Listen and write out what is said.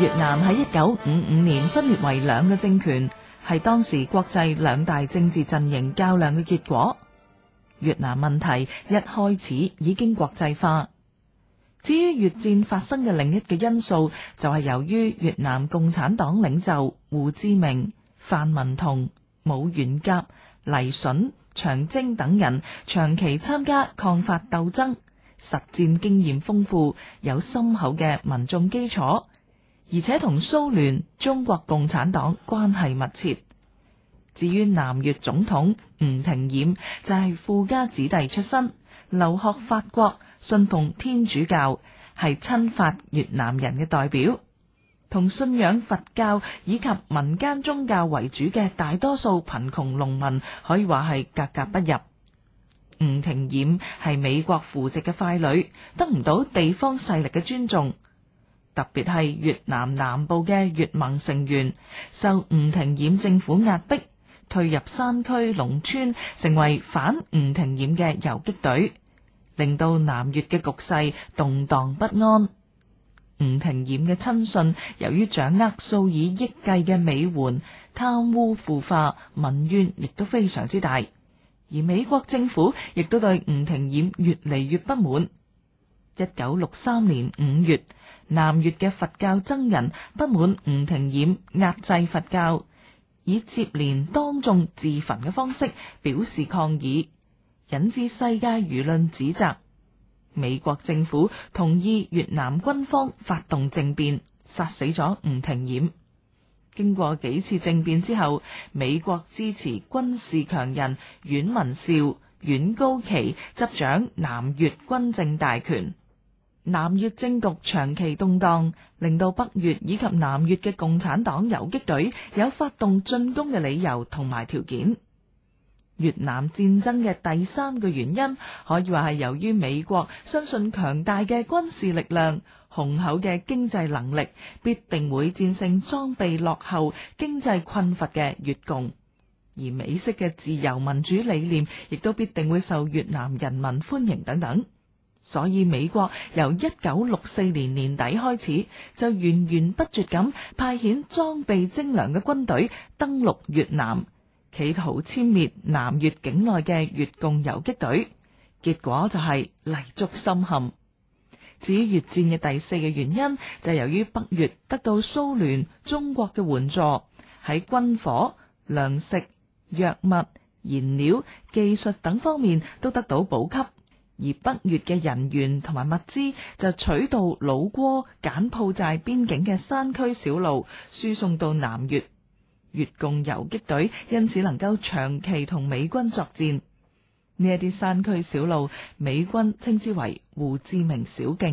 越南喺一九五五年分裂為兩個政權，係當時國際兩大政治陣營較量嘅結果。越南問題一開始已經國際化。至於越戰發生嘅另一個因素，就係、是、由於越南共產黨領袖胡志明、范文同、武元甲、黎笋、長征等人長期參加抗法鬥爭，實戰經驗豐富，有深厚嘅民眾基礎。而且同蘇聯中國共產黨關係密切。至於南越總統吳廷琰就係富家子弟出身，留學法國，信奉天主教，係親法越南人嘅代表，同信仰佛教以及民間宗教為主嘅大多數貧窮農民可以話係格格不入。吳廷琰係美國扶植嘅傀儡，得唔到地方勢力嘅尊重。特別係越南南部嘅越盟成員，受吳廷琰政府壓迫，退入山區農村，成為反吳廷琰嘅游擊隊，令到南越嘅局勢動盪不安。吳廷琰嘅親信由於掌握數以億計嘅美援，貪污腐化，民怨亦都非常之大。而美國政府亦都對吳廷琰越嚟越不滿。1963年5月，南越嘅佛教僧人不滿吳廷琰壓制佛教，以接連當眾自焚嘅方式表示抗議，引致世界輿論指責。美國政府同意越南軍方發動政變，殺死咗吳廷琰。經過幾次政變之後，美國支持軍事強人阮文紹、阮高祺執掌南越軍政大權。南越政局長期動盪，令到北越以及南越嘅共產黨游擊隊有發動進攻嘅理由同埋條件。越南戰爭嘅第三個原因，可以話係由於美國相信強大嘅軍事力量、雄厚嘅經濟能力，必定會戰勝裝備落後、經濟困乏嘅越共，而美式嘅自由民主理念亦都必定會受越南人民歡迎等等。所以美國由一九六四年年底開始就源源不絕咁派遣裝備精良嘅軍隊登陸越南，企圖殲滅南越境內嘅越共游擊隊。結果就係泥足深陷。至於越戰嘅第四嘅原因，就係由於北越得到蘇聯、中國嘅援助，喺軍火、糧食、藥物、燃料、技術等方面都得到補給。而北越嘅人員同埋物資就取道老撾、柬埔寨邊境嘅山區小路，輸送到南越。越共游擊隊因此能夠長期同美軍作戰。呢一啲山區小路，美軍稱之為胡志明小徑。